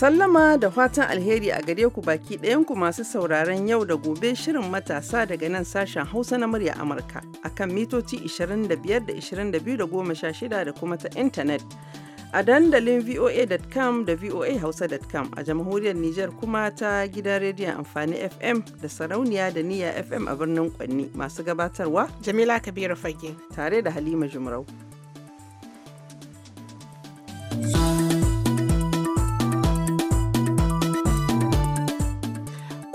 Sallama da fatan alheri a gare ku baki ku masu sauraron yau da gobe shirin matasa daga nan sashen Hausa na murya Amurka akan mitoci 25 da 22 da 16 da kuma ta intanet. A dandalin voa.com da voahausa.com a jamhuriyar Nijar kuma ta gidan rediyon amfani FM da sarauniya da niya FM a birnin Kwanni masu gabatarwa Jamila Kabiru Fage tare da Halima Jumrau.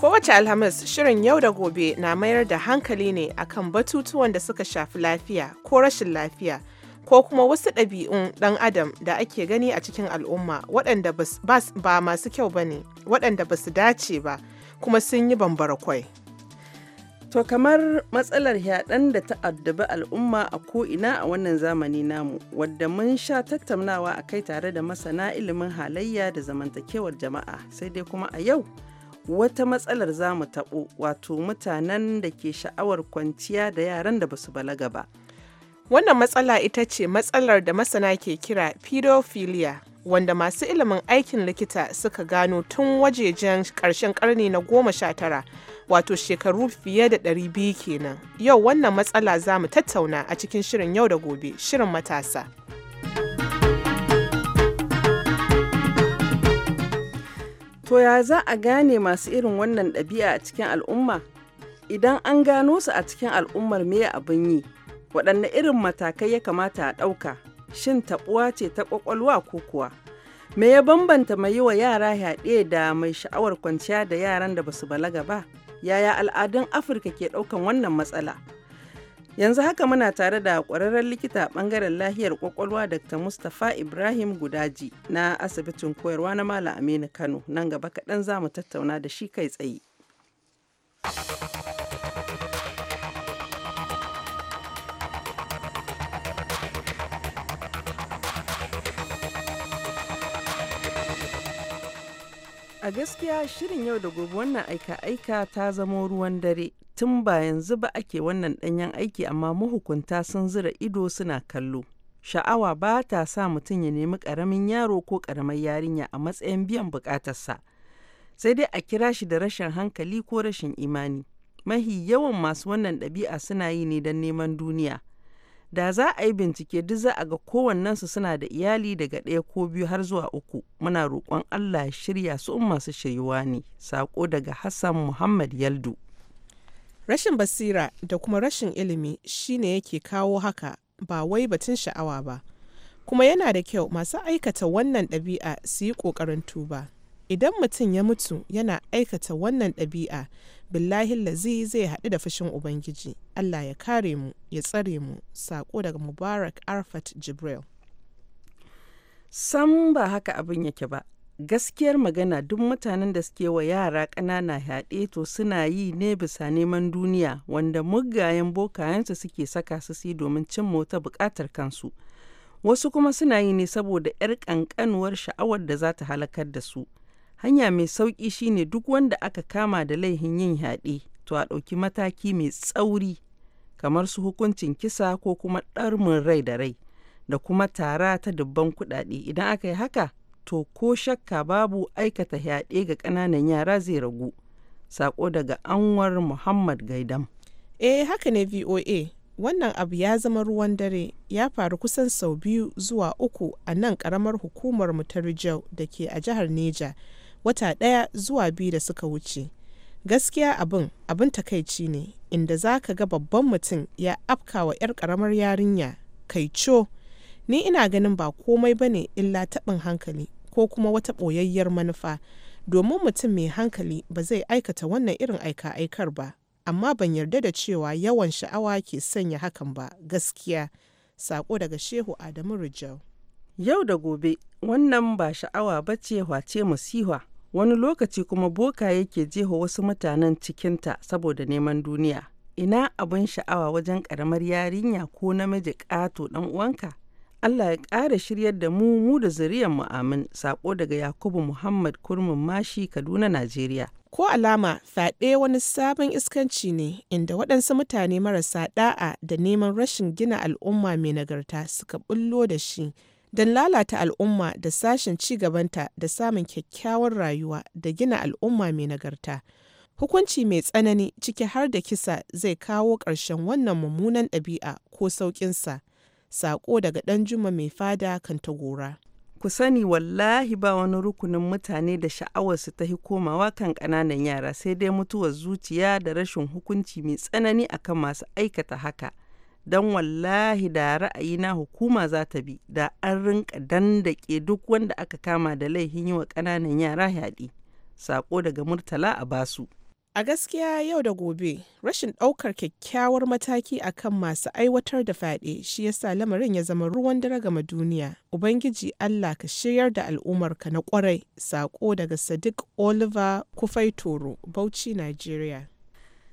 Kowace Alhamis shirin yau da gobe na mayar da hankali ne akan batutuwan da suka shafi lafiya ko rashin lafiya ko kuma wasu ɗabi'un ɗan adam da ake gani a cikin al'umma waɗanda ba masu kyau ba ne waɗanda ba su dace ba kuma sun yi bambara kwai. To kamar matsalar yaɗan da ta addabi al'umma a ko'ina a wannan zamani namu, wadda mun sha tattaunawa a kai tare da masana ilimin halayya da zamantakewar jama'a, sai dai kuma a yau wata matsalar za mu taɓo wato mutanen da ke sha'awar kwanciya da yaran da basu balaga ba. Wannan matsala ita ce matsalar da masana ke kira pedophilia wanda masu ilimin aikin likita suka gano tun wajejen ƙarshen ƙarni na goma sha tara wato shekaru fiye da ɗari biyu kenan. Yau wannan matsala za mu tattauna a cikin shirin yau da gobe shirin matasa. To ya za a gane masu irin wannan ɗabi'a a cikin al'umma? Idan an gano su a cikin al'ummar me abin yi? Waɗanne irin matakai ya kamata a ɗauka? Shin taɓuwa ce ta ƙwaƙwalwa ko kuwa? Me ya bambanta mai yi wa yara yaɗe da mai sha'awar kwanciya da yaran da basu balaga ba? Yaya al'adun Afirka ke ɗaukan wannan matsala? Yanzu haka muna tare da ƙwararren likita a ɓangaren lahiyar kwakwalwa Dr. Mustapha Ibrahim Gudaji na asibitin koyarwa na Malam Aminu Kano. Nan gaba kaɗan za mu tattauna da shi kai tsaye. a gaskiya shirin yau da gobe wannan aika-aika ta zamo ruwan dare tun ba yanzu ba ake wannan ɗanyen aiki amma mahukunta sun zura ido suna kallo. Sha'awa ba ta sa mutum ya nemi ƙaramin yaro ko ƙaramar yarinya a matsayin biyan buƙatarsa. Sai dai a kira shi da rashin hankali ko rashin imani. Mahi yawan masu wannan ɗabi'a suna yi ne don neman duniya. da za a yi bincike duk za a ga kowannensu suna da iyali daga ɗaya ko biyu har zuwa uku muna roƙon allah ya shirya su in masu shiryuwa ne sako daga hassan muhammad yaldu Rashin basira da kuma rashin ilimi shine yake kawo haka ba wai batun sha'awa ba. Kuma yana da kyau masu aikata wannan ɗabi'a su yi ƙoƙarin tuba. Idan mutum ya mutu yana aikata wannan ɗabi'a, billahi lazi zai haɗu da fushin Ubangiji. Allah ya kare mu, ya tsare mu, saƙo daga Mubarak Arfat Jibril. Sam ba haka abin yake ba, gaskiyar magana duk mutanen da suke wa yara ƙanana yaɗe to suna yi ne bisa neman duniya wanda muggayen bokayensu suke saka su si domin cin mota buƙatar kansu wasu kuma suna yi ne saboda 'yar ƙanƙanuwar sha'awar da za ta halakar da su hanya mai sauƙi shine duk wanda aka kama da laihin yin yaɗe to a ɗauki mataki mai tsauri kamar su hukuncin kisa ko kuma ɗarmin rai da rai da kuma tara ta dubban kuɗaɗe idan aka yi haka to ko shakka babu aikata yaɗe ga ƙananan yara zai ragu. Sako daga Anwar Muhammad Gaidam. Eh haka ne VOA. Wannan abu ya zama ruwan dare ya faru kusan sau biyu zuwa uku a nan ƙaramar hukumar mu ta da ke a jihar Neja wata ɗaya zuwa biyu da suka wuce. Gaskiya abin abin takaici ne inda za ka ga babban mutum ya afkawa 'yar ƙaramar yarinya Kaico, ni ina ganin ba komai ba ne illa taɓin hankali ko kuma wata ɓoyayyar manufa domin mutum mai hankali ba zai aikata wannan irin aika-aikar ba amma ban yarda da cewa yawan sha'awa ke sanya hakan ba gaskiya sako daga shehu adamu rijau yau da gobe wannan ba sha'awa ba ce wace masiha wani lokaci kuma boka yake jeho wasu mutanen cikinta saboda neman duniya ina abin sha'awa wajen ƙaramar yarinya ko namiji ƙato ɗan uwanka Allah ya ƙara shiryar da mu mu da zuriyar mu amin sako daga Yakubu Muhammad Kurmin Mashi Kaduna Najeriya. Ko alama fyaɗe wani sabon iskanci ne inda waɗansu mutane marasa ɗa'a da neman rashin gina al'umma mai nagarta suka bullo da shi don lalata al'umma da sashen ci gabanta da samun kyakkyawar rayuwa da gina al'umma mai nagarta. hukunci mai tsanani ciki har da kisa zai kawo ƙarshen wannan mummunan ɗabi'a ko sauƙinsa Sako daga juma mai fada kan tagora. Ku sani wallahi ba wani rukunin mutane da sha'awar su ta hi komawa kan ƙananan yara sai dai mutuwar zuciya da rashin hukunci mai tsanani akan masu aikata haka. Don wallahi da ra'ayi na hukuma za ta bi da an rinka dandake duk wanda aka kama da laifin yi wa ƙananan yara yaɗi. Sako daga Murtala a basu. A gaskiya yau da gobe, rashin ɗaukar kyakkyawar mataki a kan masu aiwatar da fyaɗe shi ya sa lamarin ya zama ruwan dare gama duniya. Ubangiji Allah ka shiryar da al'ummarka na ƙwarai, saƙo daga Sadiq Oliver Kufai Toro, Bauchi, Nigeria.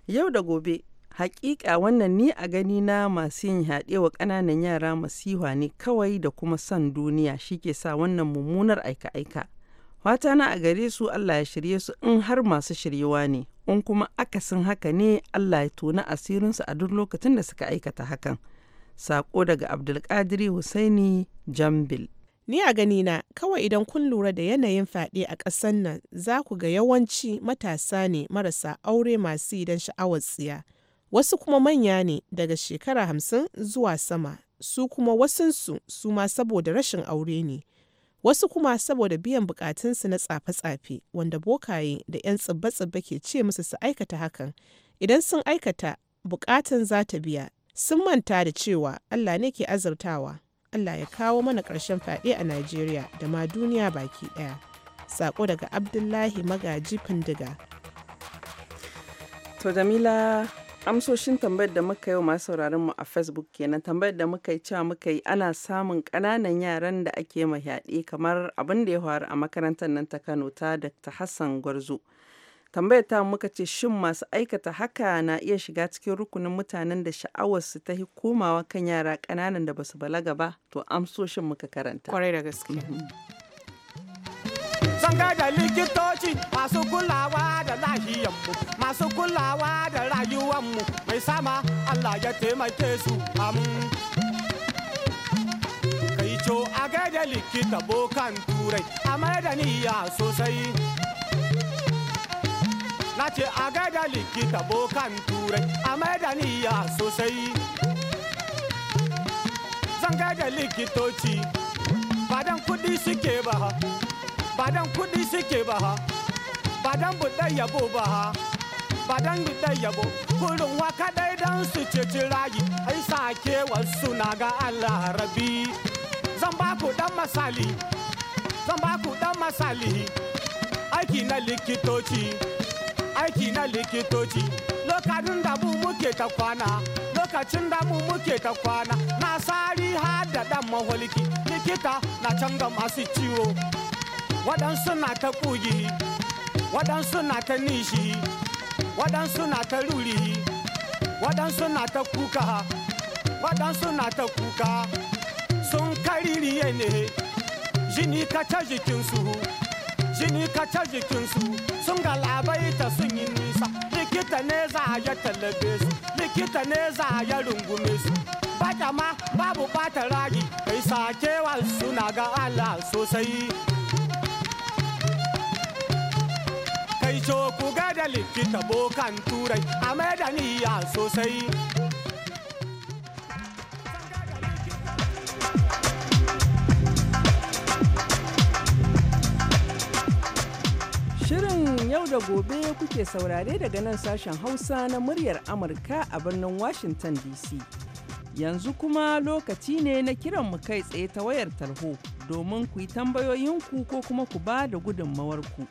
Yau da gobe, hakika wannan ni a gani na masu yin haɗe wa ƙananan yara masiha ne kawai da kuma son duniya shi ke sa wannan mummunar aika-aika. Fata na a gare su Allah ya shirye su in har masu shiryewa ne. in kuma akasin haka ne Allah ya tona asirinsu a duk lokacin da suka aikata hakan. Sako daga Abdulkadiri Husaini Jambil. Ni a ganina kawai idan kun lura da yanayin fyaɗe a ƙasar nan za ku ga yawanci matasa ne marasa aure masu idan sha'awar tsiya. Wasu kuma manya ne daga shekara hamsin zuwa sama, su kuma wasunsu su ma saboda rashin aure ne. wasu kuma saboda biyan bukatunsu na tsafe-tsafe wanda bokaye da 'yan tsibbe-tsibbe ke ce musu su aikata hakan idan sun aikata bukatun za ta biya sun manta da cewa allah ne ke azurtawa allah ya kawo mana karshen fyaɗe a nigeria da ma duniya baki ɗaya sako daga abdullahi magaji findiga to jamila amsoshin tambayar da muka yi wa masu sauraron mu a facebook kenan tambayar da muka yi cewa muka yi ana samun kananan yaran da ake ma yaɗe kamar abin da ya faru a makarantar nan ta kano ta dr hassan gwarzo tambayar ta muka ce shin masu aikata haka na iya shiga cikin rukunin mutanen da sha'awar su ta komawa kan yara kananan da basu balaga ba to amsoshin muka karanta kwarai da gaske mhm. an da likitoci masu kulawa da lahiyanmu masu kulawa da rayuwanmu mai sama Allah ya taimake su am kai co a gaida likita bokan turai a mai da niyya sosai na ce a gaida likita bokan turai a mai da niyya sosai zan gaida likitoci badan kudi suke ba ba dan suke ba ha ba dan buɗe yabo ba ha ba dan buɗe yabo kurin waka dai dan su ceci rayu ai sake wasu na ga Allah rabi zan ba ku dan masali zan ba ku dan masali aiki na likitoci aiki na likitoci lokacin da mu muke ta kwana lokacin da mu muke ta kwana na sari har da dan maholiki likita na canza masu ciwo waɗansu na ta ƙugi waɗansu na ta nishi waɗansu na ta ruri waɗansu na ta kuka waɗansu na ta kuka sun kaririye ne jini ka ta jikinsu jini ka ta jikinsu sun ta sun yi nisa likita ne za a ya talabe su likita ne za a ya rungume su bata ma babu bata ragi kai sakewa suna ga Allah sosai so ku ga da likita bokan turai a mai da niyya sosai Shirin yau da gobe kuke saurare daga nan sashen Hausa na muryar Amurka a birnin Washington DC. Yanzu kuma lokaci ne na kiran mu kai tsaye ta wayar tarho domin ku yi tambayoyinku ko kuma ku ba da gudunmawarku.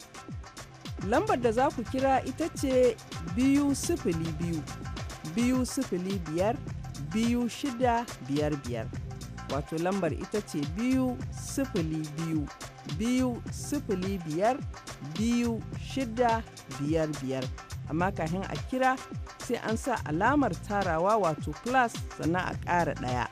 Lambar da za ku kira ita ce biyu sifili biyu, biyu sifili biyar, biyu shida biyar biyar. Wato lambar ita ce biyu sifili biyu, biyu sifili biyar, biyu shida biyar biyar. Amma kafin a kira sai an sa alamar tarawa wato plus sannan a ƙara ɗaya.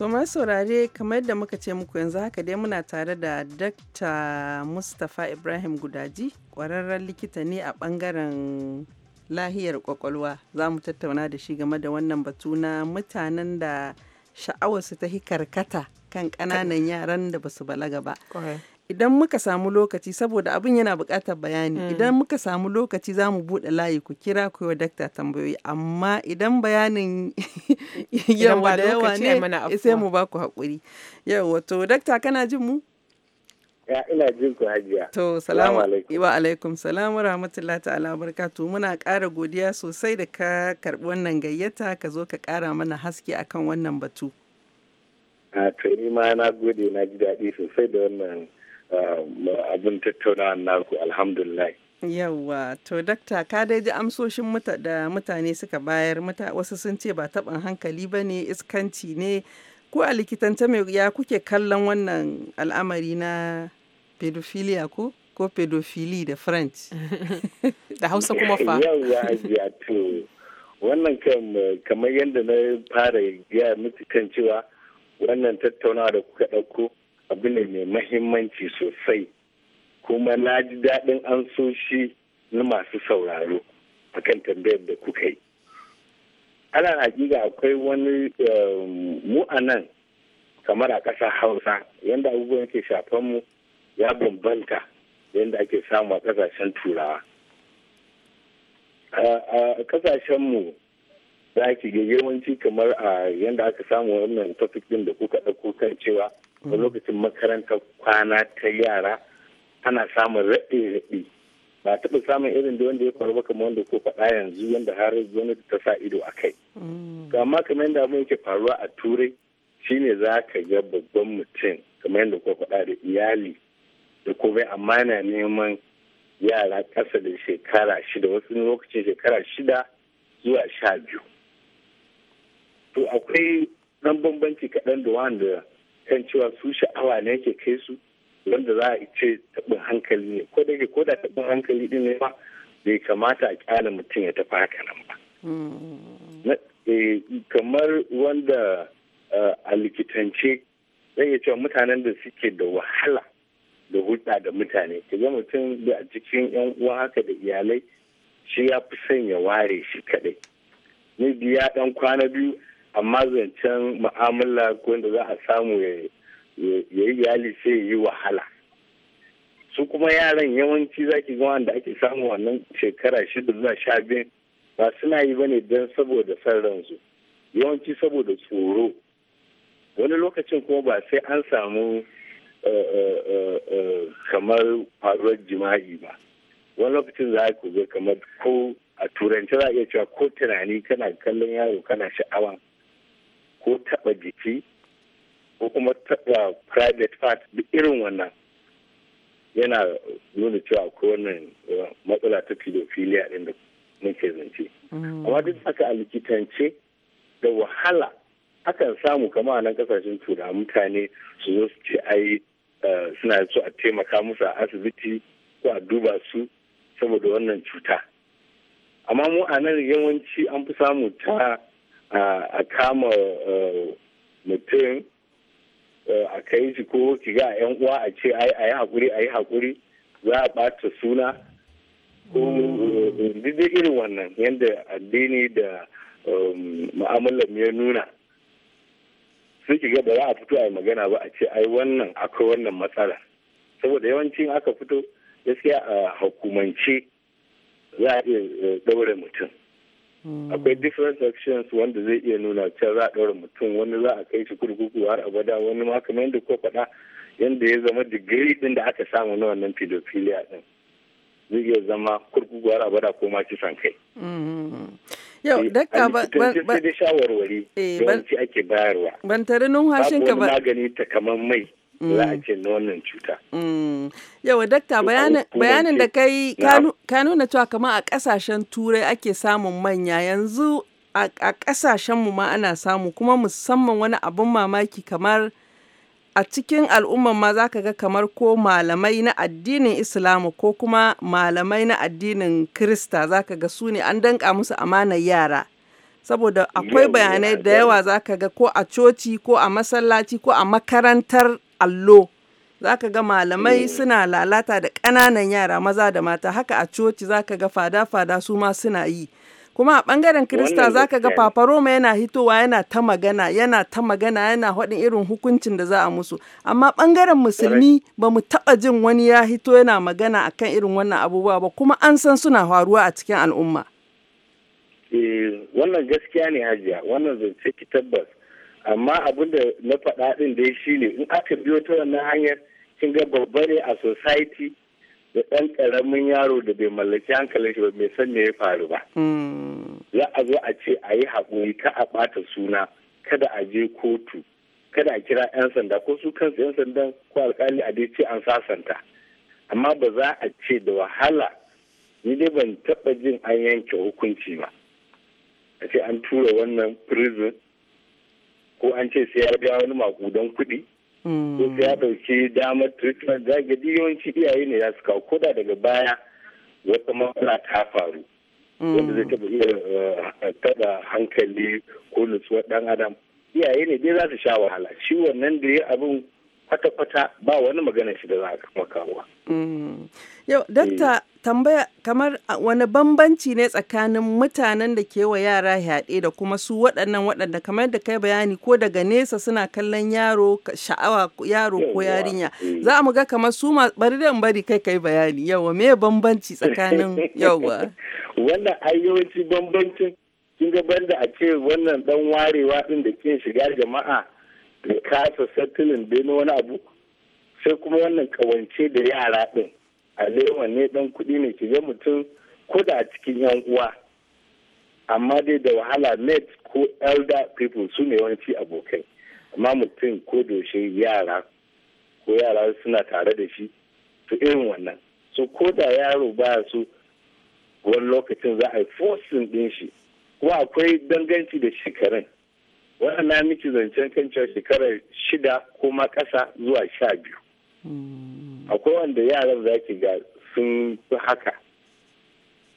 To saurare kamar yadda muka ce muku yanzu haka dai muna tare da Dr. Mustapha Ibrahim Gudaji, ƙwararren likita ne a ɓangaren lahiyar ƙwaƙwalwa. Za mu tattauna da shi game da wannan batu na mutanen da sha'awarsu ta hikarkata kan ƙananan yaran da basu balaga ba. idan muka samu lokaci saboda abin yana buƙatar bayani hmm. idan muka samu lokaci za mu buɗe layi ku kira ku yi dakta tambayoyi amma idan bayanin yawa da yawa ne sai mu ba ku haƙuri yawa to dakta kana jin mu ya ina jin ku hajiya to salamu alaikum wa alaikum salam wa rahmatullahi ta'ala barakatuh muna ƙara godiya sosai da ka karɓi wannan gayyata ka zo ka ƙara mana haske akan wannan batu a to ni ma na gode na ji daɗi sosai da wannan abin tattaunawa naku alhamdulillah yawwa to dakta ka dai ji amsoshin da mutane suka bayar wasu sun ce ba taɓin hankali ba ne iskanci ne ko a likitance mai ya kuke kallon wannan al'amari na pedophilia ko ko pedophili da french da hausa kuma fa yawwa to wannan kan kamar yadda na fara ya mutu kan cewa wannan tattaunawa da kuka ɗauko abu ne mai mahimmanci sosai kuma na ji daɗin an so shi na masu sauraro akan tambayar da kuka yi ana hakika akwai wani ehm, mu a nan kamar a ƙasa hausa yadda abubuwan ke shafan mu ya bambanta yadda ake samu a ƙasashen turawa a ƙasashen mu za ki ga yawanci kamar a yadda aka samu wannan tafikin da kuka ɗauko kan cewa a mm. lokacin makarantar kwana ta yara ana samun raɗe-raɗe ba taɓa samun irin da wanda ya faru ba kamar wanda ko faɗa yanzu wanda har wani ta sa ido a kai mm. amma kamar yadda abin yake faruwa a turai shine za ka ga babban mutum kamar yadda ko faɗa da iyali da komai amma na neman yara ƙasa da shekara shida wasu lokacin shekara shida zuwa sha biyu to akwai ɗan bambanci kaɗan da wanda kan cewa su sha'awa ne yake kai su wanda za a ce taɓin hankali ne ko da ko da taɓin hankali din ne ba bai kamata a kyala mutum ya tafi haka nan ba eh, kamar wanda eh, a likitance zai iya cewa mutanen da suke da wahala da hulɗa da mutane ka ga mutum da a cikin yan uwa haka da iyalai shi ya fi son ya ware shi kaɗai ni biya ɗan kwana biyu amma zancen ma'amala ko da za a samu ya yi iyali sai yi wahala su kuma yaran yawanci zaki ga da ake samu wannan shekara shida zuwa sha biyu ba suna yi ba ne don saboda san ransu yawanci saboda tsoro wani lokacin kuma ba sai an samu eh, eh, eh, kamar faruwar jima'i ba wani lokacin za a kamar ko a turanci za a iya cewa ko tunani kana kallon yaro kana sha'awa ko taɓa jiki ko kuma taɓa private part duk irin wannan yana nuna cewa ko wannan eh, matsala ta pedophilia ɗin da muke zance. Mm. Amma duk haka a likitance da wahala akan samu kama a nan kasashen tura mutane su zo su ce ai eh, suna so a taimaka musu a asibiti ko a duba su saboda wannan cuta. Amma mu a nan yawanci an fi samu ta a kama mutum a kai shi ko ki ga yan uwa a ce a yi hakuri a yi hakuri za a ɓata suna ko duk irin wannan yadda addini da um, mu'amalar ya nuna sai ki ga ba za a fito a yi magana ba a ce ai wannan akwai wannan matsala saboda yawancin aka fito gaskiya a hukumance za a iya eh, ɗaure mutum akwai different sections wanda zai iya nuna can za a ɗaura mutum wani za a kai shi kurkuku har abada wani ma kamar yadda ko faɗa yadda ya zama digiri ɗin da aka samu na wannan pedophilia ɗin zai iya zama kurkuku har abada ko ma kisan kai. Mm-hmm. yau eh, dakta ba ba ba shawarwari eh, ba ake bayarwa ba ba ba ba ba ba ta kamar mai za a mm. ce na wannan cuta. Mm. Yawa dakta bayanin da kai ka nuna cewa kamar a kasashen turai ake samun manya yanzu a kasashenmu ma ana samu kuma musamman wani abin mamaki kamar a cikin al'umman ma za ka ga kamar ko malamai na addinin islamu ko kuma malamai na addinin krista za ka ga su ne an danka musu amanar yara saboda akwai bayanai da yawa za ka ga ko a coci ko a masallaci ko a makarantar allo za ka ga malamai suna lalata da ƙananan yara maza da mata haka a coci za ka ga fada-fada su ma suna yi kuma a ɓangaren kirista za ka ga paparoma yana hitowa yana ta magana yana ta magana yana haɗin irin hukuncin da za a musu amma ɓangaren musulmi ba mu taɓa jin wani ya hito yana magana akan irin wannan abubuwa ba kuma an san suna faruwa a cikin al'umma eh, wannan gaskiya ne hajiya wannan zance ki tabbas amma abin da na faɗa ɗin dai shine in aka biyo ta wannan hanyar kin ga babba ne a society da ɗan ƙaramin yaro da bai mallaki hankalin shi ba bai san me ya faru ba hmm. za a zo a ce a yi haƙuri ka a ɓata suna kada a je kotu kada a kira 'yan sanda ko su kansu 'yan sandan ko alkali a dai ce an sasanta amma ba za a ce da wahala ni dai ban taɓa jin an yanke hukunci ba a ce an tura wannan prison ko an ce sai ya biya wani makudan kuɗi hmm. ko sai ya ɗauki damar treatment za ga yawanci iyaye ne ya su kawo koda daga baya wata matsala ta faru hmm. wanda zai taɓa iya eh, taɓa hankali ko nutsuwar ɗan adam iyaye ne dai za su sha wahala shi wannan da ya abin kwata-kwata ba wani magana shi da za a makawa. Mm. Yau, dokta eh. tambaya kamar wani bambanci ne tsakanin mutanen da ke wa yara yaɗe da kuma su waɗannan waɗanda kamar da kai bayani ko daga nesa suna kallon yaro sha'awa yaro ko yarinya eh. za mu ga kamar su ma bari da bari kai kai bayani yawa me bambanci tsakanin yawa wannan ayyawanci bambancin kin ga banda a ce wannan dan warewa din da kin shiga jama'a da kasa sattilin dai na wani abu sai kuma wannan kawance da yara ɗin a lewan ne ɗan kuɗi ne ki ga mutum koda a cikin yan uwa amma dai da wahala met ko elder people su ne yawanci abokai amma mutum ko doshe yara ko yara suna tare da shi su irin wannan su ko da yaro ba su wani lokacin za a yi forcing din shi ko akwai danganci da shekarun wannan na miki zancen kan cewa shekarar shida ko ma ƙasa zuwa sha biyu akwai wanda yaran za ki ga sun fi haka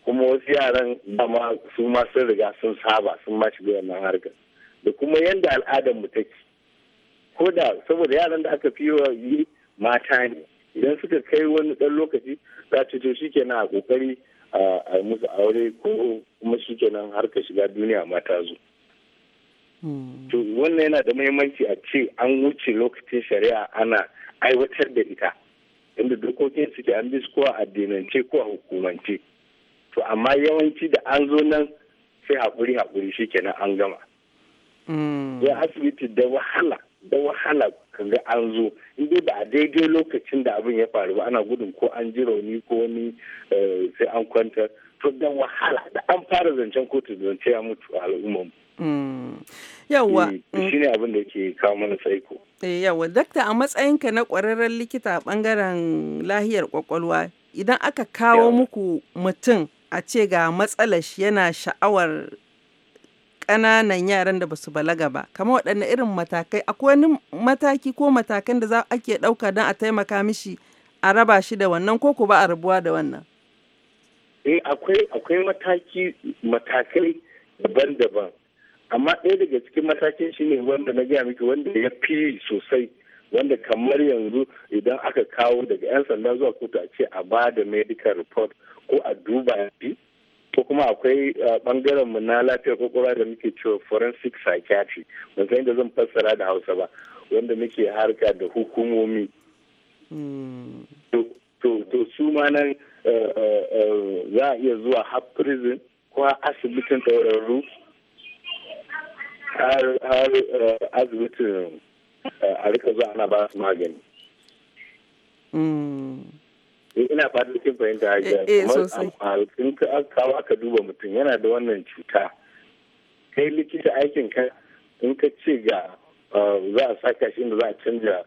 kuma wasu yaran dama su ma sun riga sun saba sun ma shiga wannan harkar da kuma yadda al'adar mu take ko da saboda yaran da aka fi yi mata ne idan suka kai wani ɗan lokaci za ta to shi kenan a kokari a musu aure ko kuma shi kenan harka shiga duniya mata zo. to wannan yana da muhimmanci a ce an wuce lokacin shari'a ana aiwatar da ita inda dokokin suke an bi ko a addinance ko a hukumance to amma yawanci da an zo nan sai haƙuri haƙuri kenan an gama ya mm. asibiti da wahala da wahala kaga an zo inda ba a daidai lokacin da abin ya faru ba ana gudun ko an ji rauni ko wani eh, sai an kwantar to da wahala da an fara zancen kotu zance ya mutu a al'ummar Yawwa. Mm, mm. Shi ne abin da ke kawo mana tsaiko. Eh, Yawwa, dakta a matsayinka na ƙwararren likita a ɓangaren lahiyar ƙwaƙwalwa, idan aka kawo muku mutum a ce ga matsalar yana sha'awar ƙananan yaran da basu balaga ba kamar waɗanne irin matakai akwai wani mataki ko matakan da za ake ɗauka don a taimaka mishi a raba shi da wannan ko ku ba a rabuwa da wannan eh akwai akwai mataki matakai daban-daban amma ɗaya daga cikin matakin shi ne wanda na gaya miki wanda ya fi sosai wanda kamar yanzu idan aka kawo daga 'yan sanda zuwa kotu a ce a ba da medical report ko a duba shi ko kuma akwai bangaren mu na lafiyar kwakwalwa da muke cewa forensic psychiatry ban san da zan fassara da hausa ba wanda muke harka da hukumomi hmm. to su ma nan eh, eh, eh, za a iya zuwa har prison ko asibitin ɗaurarru har asibitin eh, eh, a rika zuwa ana ba su magani. Hmm. Eh, ina fatan kin fahimta a kamar in ka kawo aka duba mutum yana da wannan cuta kai likita aikin ka in ka ce ga za a saka shi inda za a canja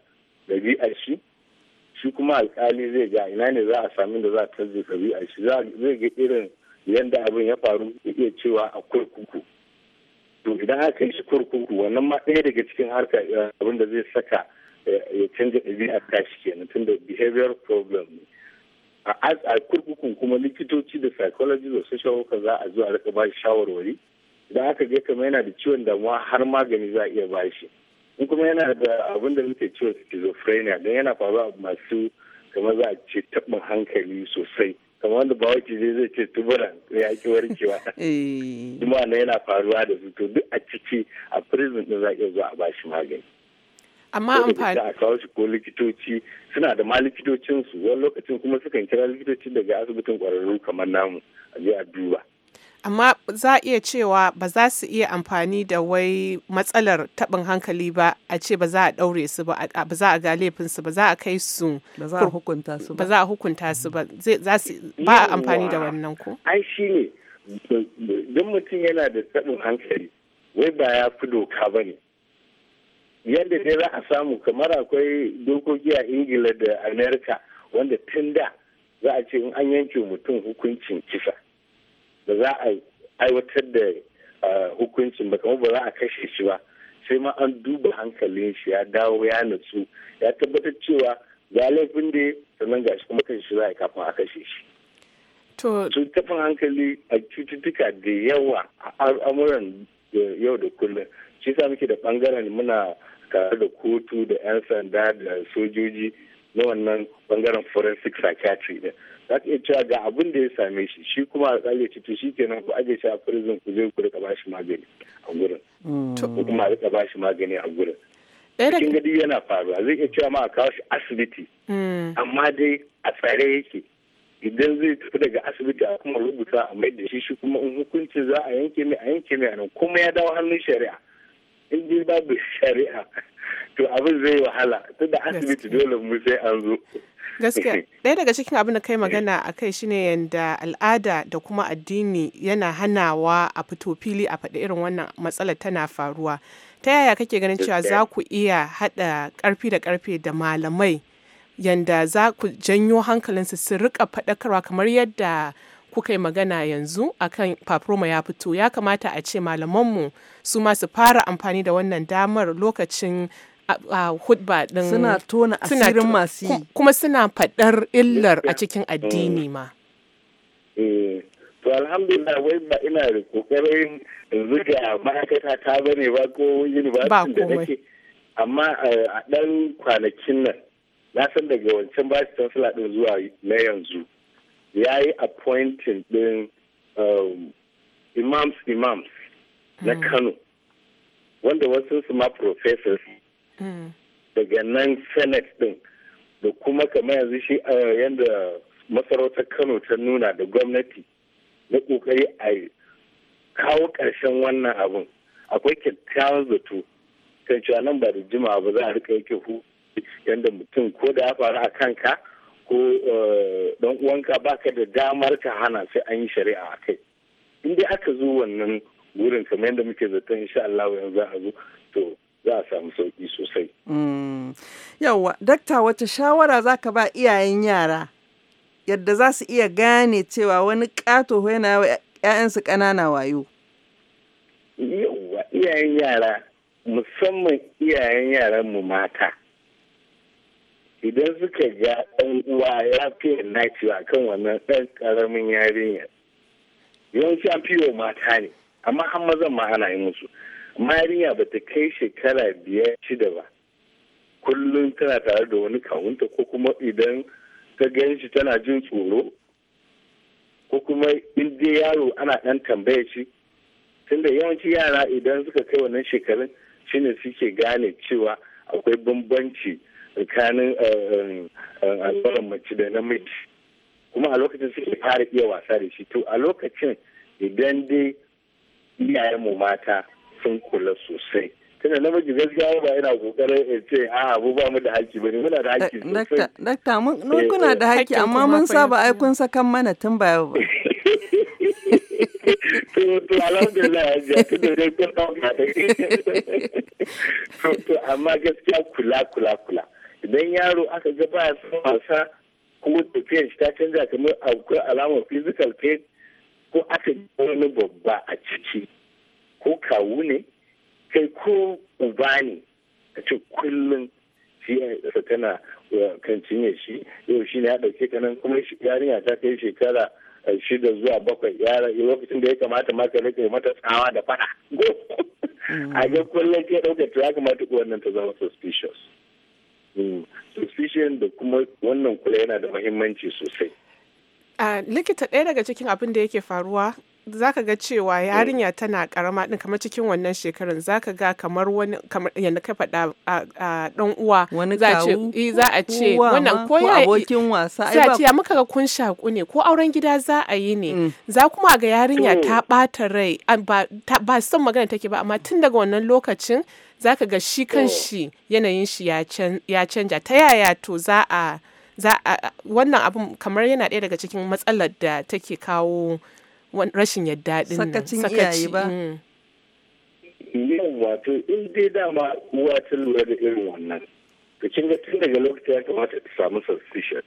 ɗabi'ar shi shi kuma alkali zai ga ina ne za a sami da za a canja ɗabi'ar shi zai ga irin yadda abin ya faru iya cewa akwai kuku to idan aka yi kurkuku wannan ma ɗaya daga cikin harka eh, abin da zai saka eh, ya canza ɗabi'a tashi kenan tunda behavior problem ne a kurkukun kuma likitoci da psychology da social worker za a zo a rika shi shawarwari idan aka ga kamar yana da ciwon damuwa har magani za a iya shi in kuma yana da abin da muke ciwon schizophrenia don yana faruwa masu kamar za a ce taɓin hankali sosai kamar da bawaki zai zai ce tuburan ya ki warkewa eh. kuma na yana faruwa da su to duk a ciki a prison din za iya zuwa a bashi magani amma amfani a kawo shi ko likitoci suna da ma likitocinsu wani lokacin kuma sukan kira likitoci daga asibitin kwararru kamar namu a je a duba amma za a iya cewa ba za su iya amfani da wai matsalar taɓin hankali ba a ce ba za a ɗaure su ba ba za a ga laifinsu ba za a kai su ba za a hukunta su ba za a hukunta su ba ba a amfani da wannan ko ai shi ne don mutum yana da taɓin hankali wai ba ya fi doka ba ne yadda dai za a samu kamar akwai dokoki a ingila da amerika wanda tun da za a ce in an yanke mutum hukuncin kisa da za a aiwatar da hukuncin ba kamar ba za a kashe shi ba sai ma an duba hankalin shi ya dawo ya natsu ya tabbatar cewa ga laifin da sannan gashi kuma kan shi za a kafin a kashe shi. To tafin hankali a cututtuka da yawa a al'amuran yau da kullum shi sa muke da bangaren muna tare da kotu da 'yan sanda da sojoji na wannan bangaren forensic psychiatry din za ka iya cewa ga abin da ya same shi shi kuma a ce to shi kenan ku aje shi a firizin ku zai ku rika bashi magani a gurin mm. Ku kuma a rika bashi magani a gurin cikin eh, gadi yana faruwa zai iya cewa ma a kawo shi asibiti mm. amma dai a tsare yake idan zai tafi daga asibiti a kuma rubuta a mai da shi shi kuma in hukunci za a yanke mai a yanke mai a nan kuma ya dawo hannun shari'a in dai babu shari'a to abin zai wahala tunda asibiti dole mu sai an zo Gaskiya eh. ɗaya daga cikin abin da kai eh. magana a kai shine yadda al'ada da kuma addini yana hanawa a fito fili a faɗi irin wannan matsalar tana faruwa. Ta yaya kake ganin cewa za ku iya haɗa ƙarfi da ƙarfe da malamai yadda za ku janyo hankalinsu su rika faɗakarwa kamar yadda kuka yi magana yanzu akan paproma ya fito ya kamata a ce malamanmu su masu fara amfani da wannan damar lokacin a hudba din suna tona asirin masu yi kuma suna faɗar illar a cikin addini mm. ma eh, to alhamdulillah wai ba ina da kokarin zuga ma'aikata ta bane ba ko university da nake amma eh, a ɗan kwanakin nan na san daga wancan ba chancellor din zuwa na yanzu ya yi appointing din um, imams imams na mm. kano wanda wasu su ma professors daga nan senate din da kuma kamar yanzu shi eh, yadda masarautar kano ta nuna da gwamnati na kokari a kawo ƙarshen wannan abin akwai kyakkyawan zato kan cewa nan ba da jima ba za a rika yake hu yadda mutum ko da ya faru a kanka ko dan eh, uwanka baka da damar ka hana sai an yi shari'a a kai in dai aka zo wannan wurin kamar yadda muke zaton insha Allah yanzu a zo to za a samu sauki sosai. Mm. Yawwa, dakta wata shawara za ka ba iyayen yara yadda za su iya gane cewa wani ƙato yana wa ‘ya'yansu ƙanana wayo. Yawwa, iyayen yara, musamman iyayen yaran mu mata. Idan suka ga ɗan uwa ya fiye nacewa kan wannan ɗan ƙaramin yarinyar. Yawanci an fiye mata ne, amma an mazan ma ana yi musu. mariya ba ta kai shekara biyar shida ba kullum tana tare da wani kawunta ko kuma idan ta gan shi tana jin tsoro ko kuma in dai yaro ana ɗan tambaya shi tunda yawanci yara idan suka kai wannan shekarun shine suke gane cewa akwai bambanci tsakanin eh, eh, eh, al'auran mace da namiji kuma a lokacin suke fara iya wasa da shi to a lokacin idan dai iyayen mu mata sun kula sosai tunda namiji gaskiya ba ina kokarin in ce a abu ba mu da haki bane muna da haki eh, sosai dakta eh, mun kuna da haki amma mun saba ai kun sakan mana tun ba yau ba to to alhamdulillah ya ji da dai kun dauka to amma gaskiya kula kula kula idan yaro aka ga ba son wasa kuma tafiyar shi ta canza kamar akwai alamar physical pain ko aka wani babba a ciki ko kawu ne kai ko uba ne a ce kullum siyarsa tana uh, kan cinye shi yau shi ne ya ɗauke ka nan kuma yarinya ta kai shekara uh, shida zuwa bakwai yara lokacin da ya kamata ma ka rike mata tsawa da fada mm. a ga kullum ke ɗauka to ya kamata ko wannan ta zama suspicious mm. suspicion da kuma wannan kula yana da muhimmanci sosai uh, likita ɗaya daga cikin abin da yake faruwa zaka ga cewa eh. yarinya tana karama din kamar cikin wannan shekarun zaka ga kamar wani kamar yanda ka faɗa a dan uwa wani za ce eh, za a ce wannan ko ya abokin wasa ai ba ce muka ga kun shaku ne ko auren gida za a yi ne mm. za kuma ga yarinya ta bata rai ba son magana take ba amma tun daga wannan lokacin zaka ga shi kan shi yanayin shi ya canja ta yaya to za a za a wannan abun kamar yana ɗaya daga cikin matsalar da take kawo rashin yadda din sakacin iyaye ba mm. wato in dai dama uwa ta lura da irin wannan ka cinga tun daga lokacin ya kamata ta samu suspicion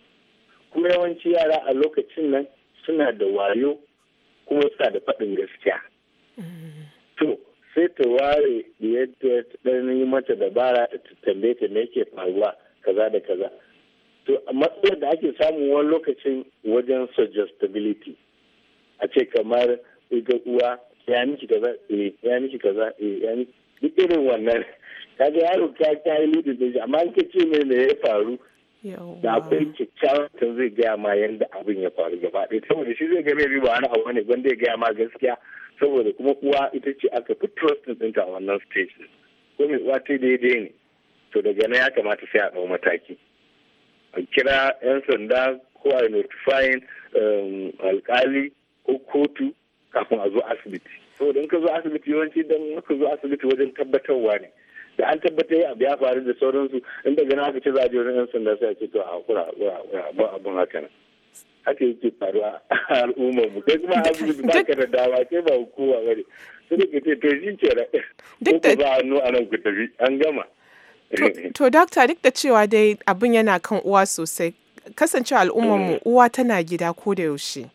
kuma yawanci yara a lokacin nan suna da wayo kuma suna da faɗin gaskiya to sai ta ware yadda ta ɗan yi mata dabara ta tambaye ta me yake faruwa kaza da kaza to a matsalar da ake samu wani lokacin wajen suggestibility a ce kamar ga uwa ya miki kaza eh ya miki kaza eh ya miki duk irin wannan kaga yaro ka ta yi lidi da shi amma an ka ce mai ya faru da akwai kyakkyawan ta zai gaya ma yadda abin ya faru gaba ɗaya saboda shi zai gane riba wani abu ne gwanda ya gaya ma gaskiya saboda kuma uwa ita ce aka fi trust a wannan stage ko mai uwa ta daidai ne to daga nan ya kamata sai a ɗau mataki a kira 'yan sanda ko a notifying um, alkali ko kotu kafin a zo asibiti saboda don ka zo asibiti yawanci don ka zo asibiti wajen tabbatarwa ne da an tabbatar abu ya faru da sauransu in daga na aka ce za a je wajen yan sanda sai a ce to a hakura ba abun haka nan haka yake faruwa a al'ummar mu kai kuma asibiti ba ka da dama ke ba kowa ba ne sai ka ce to shi ce da ko ba hannu a nan ku tafi an gama to dakta duk da cewa dai abin yana kan uwa sosai kasancewa al'ummar mu mm. uwa tana gida ko da yaushe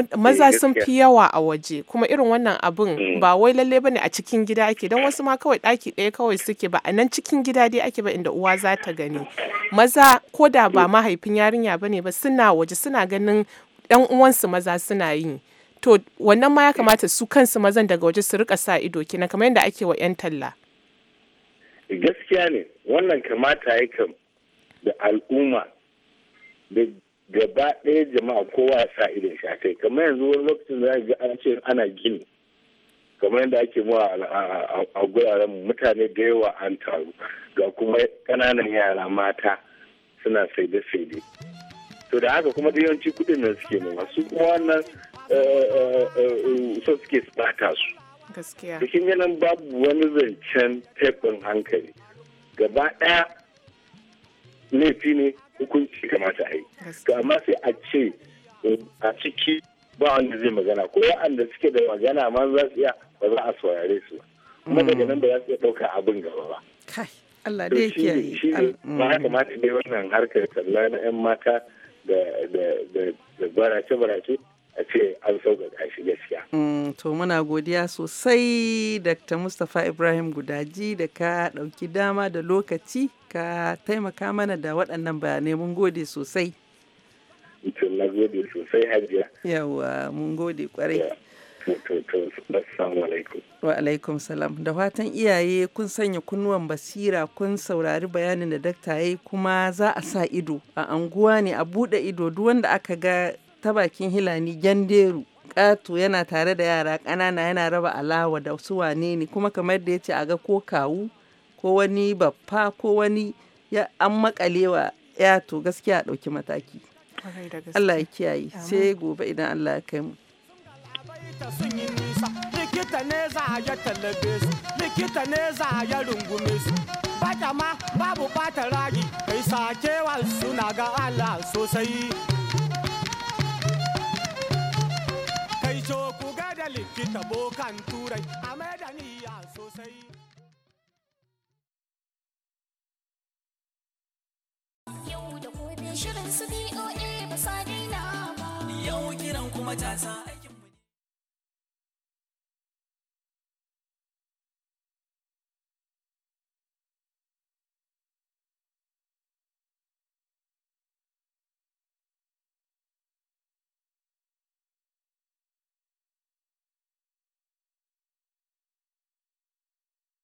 Eh, maza sun fi yawa a waje kuma irin wannan abin eh. ba wai lalle bane a cikin gida ake don wasu ma kawai daki daya kawai suke ba a nan cikin gida dai ake ba inda uwa za ta gani maza ko da ba mm. mahaifin yarinya bane ba suna waje suna ganin ɗan uwansu maza suna yi to wannan ma ya eh. kamata su kansu mazan daga waje su rika sa ido kina kamar yadda ake wa 'yan talla gaskiya ne wannan kamata ya kam da al'umma da gaba ɗaya jama'a kowa sa idan shi kai kamar yanzu wani lokacin za ga an ce ana gini kamar yadda ake mawa a guraren mutane da yawa an taru ga kuma ƙananan yara mata suna saide-saide to da haka kuma yawanci kuɗin nan suke nema su kuma wannan eh, eh, eh, so suke bata su cikin yanan babu wani zancen taifin hankali gaba ɗaya laifi ne hukunci kamata a yi to amma sai a ce eh, a ciki ba wanda zai magana ko wa'anda suke da magana ma za su iya ba za a saurare su kuma mm. daga nan ba za su iya ɗauka abin gaba ba Allah dai ne mm. ba haka kamata dai wannan harkar talla na 'yan mata da barace-barace a ce an sauƙaƙa shi gaskiya. Mm, to muna godiya sosai Dr. Mustapha Ibrahim Gudaji da ka ɗauki dama da lokaci ka taimaka mana da waɗannan bayanai mun gode sosai. To na gode sosai hajiya. Yawa mun gode kwarai. Wa alaikum salam. Da fatan iyaye kun sanya kunnuwan basira kun saurari bayanin da dakta ya yi kuma za a sa ido a anguwa ne a buɗe ido duk wanda aka ga ta bakin hilani gyanderu ƙato yana tare da yara ƙanana yana raba alawa da su wane ne kuma kamar da ya ce a ga ko kawu ko wani baffa ko wani ya an makalewa ya to gaskiya ɗauki mataki Allah ya kiyaye sai gobe idan Allah ya kai mu likita ne za a ya talabe su rungume su bata ma babu bata ragi kai sakewa suna ga Allah sosai to ku ga da likita bokan turai a mai da niyya sosai yau da gobe shirin su boa ba sa daina ba yau kiran kuma ta aiki.